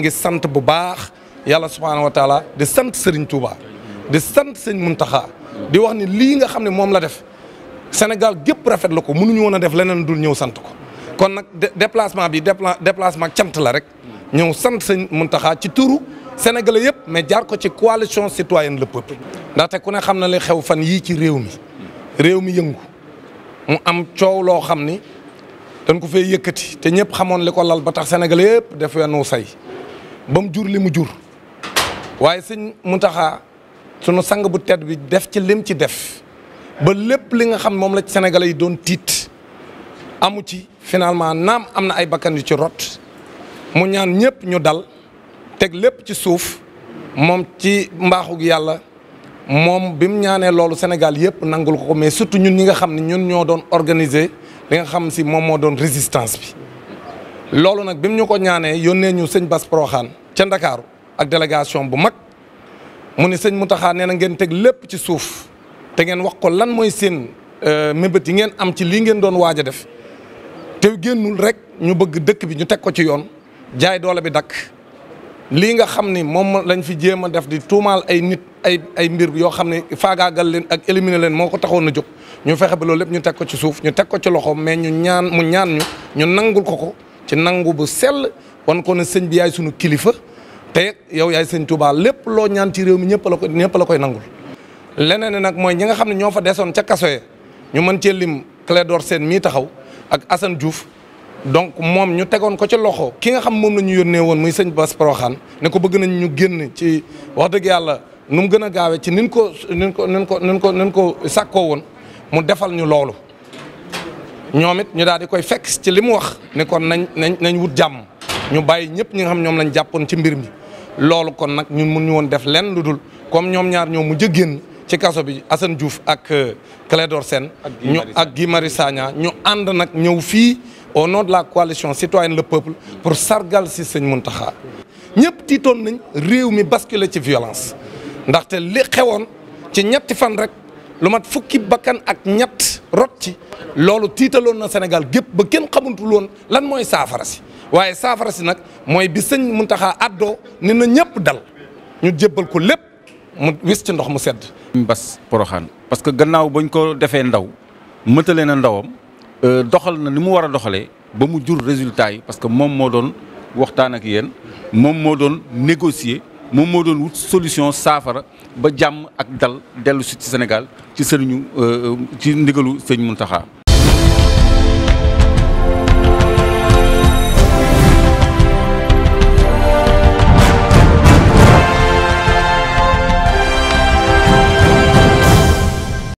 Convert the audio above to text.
ngi sant bu baax yàlla subhaanahu wa taala di sant sëriñ Touba di sant sëñ taxaa di wax ni lii nga xam ne moom la def Sénégal gépp rafetlu ko mënuñu woon a def leneen dul ñëw sant ko kon nag déplacement bi déplacement cant la rek ñëw sant sëñ mun taxaa ci turu sénégalais yëpp mais jaar ko ci coalition citoyenne le peuple ndaxte ku ne xam na li xew fan yii ci réew mi réew mi yëngu mu am coow loo xam ni dañ ko fee yëkkati te ñëpp xamoon li ko lal ba tax sénégalais yëpp ba mu jur li mu jur waaye sëñ mu taxa sunu sang bu tedd bi def ci lim ci def ba lépp li nga xam moom la Sénégalais yi doon tiit amu ci finalement naam am na ay bakkan yu ci rot mu ñaan ñëpp ñu dal teg lépp ci suuf moom ci mbaaxug yàlla moom bi mu ñaanee loolu Sénégal yëpp nangul ko mais surtout ñun ñi nga xam ne ñun ñoo doon organiser li nga xam si moom moo doon résistance bi. loolu nag bi mu ñu ko ñaanee yónnee ñu sëñ Bass Proxaan ca Ndakaaru ak délégation bu mag mu ni sëñ Mountakha nee na ngeen teg lépp ci suuf te ngeen wax ko lan mooy seen euh, mébét yi ngeen am ci lii ngeen doon waaj a def te génnul rek ñu bëgg dëkk bi ñu teg ko ci yoon jaay doole bi dakk lii nga xam ni moom lañ fi jéem a def di tuumaal ay nit ay ay mbir yoo xam ne faagaagal leen ak éliminer leen moo ko taxoon na jóg ñu fexe ba loolu lépp ñu teg ko ci suuf ñu teg ko ci loxo mais ñu ñaan mu ñaan ñu ñu nangul ko ko ci nangu bu sell wan ko ne sëñ bi yaay sunu kilifa te yow yaay sëñ Touba lépp loo ñaan ci réew mi ñëpp la ñëpp la koy nangul. leneen nag mooy ñi nga xam ne ñoo fa desoon ca kaso ñu mën cee lim Clédor Sène mii taxaw ak Assane Diouf donc moom ñu tegoon ko ci loxo. ki nga xam moom la ñu yónnee woon muy sëñ Bass Proxaan ne ko bëgg nañ ñu génn ci wax dëgg yàlla nu mu gën a gaawee ci nin ko nin ko nin ko nin ko ko sàkkoo woon mu defal ñu loolu. ñoom it ñu daal di koy fekk ci li mu wax ne kon nañ nañ nañ wut jàmm. ñu bàyyi ñëpp ñi nga xam ñoom lañu jàppoon ci mbir mi loolu kon nag ñun mun ñu woon def lenn lu dul comme ñoom ñaar ñoo mu a ci kaso bi Assane Diouf ak euh, Clédor Sène ñu ak Guy Marius Sagna ñu ànd nag ñëw fii au nom de la coalition citoyenne le peuple pour sargal si sëñ Mountakha ñëpp tiitoon nañ réew mi basculer ci violence ndaxte li xewoon ci ñetti fan rek lu mat fukki bakkan ak ñett rot ci loolu tiitaloon na Sénégal gépp ba kenn xamutul woon lan mooy saafara si waaye saafara si nag mooy bi sëñ Muntaxa àddoo ni na ñëpp dal ñu jëbbal ko lépp mu wis ci ndox mu sedd. Mbas Poroxaan parce que gannaaw bañ ko defee ndaw mëtale na ndawam euh, doxal na ni mu war a doxalee ba mu jur résultat yi parce que moom moo doon waxtaan ak yéen moom moo doon négocier. moom moo doon wut solution saafara ba jàmm ak dal dellu si ci Sénégal ci sëriñu euh, ci ndigalu sëñ Mountakha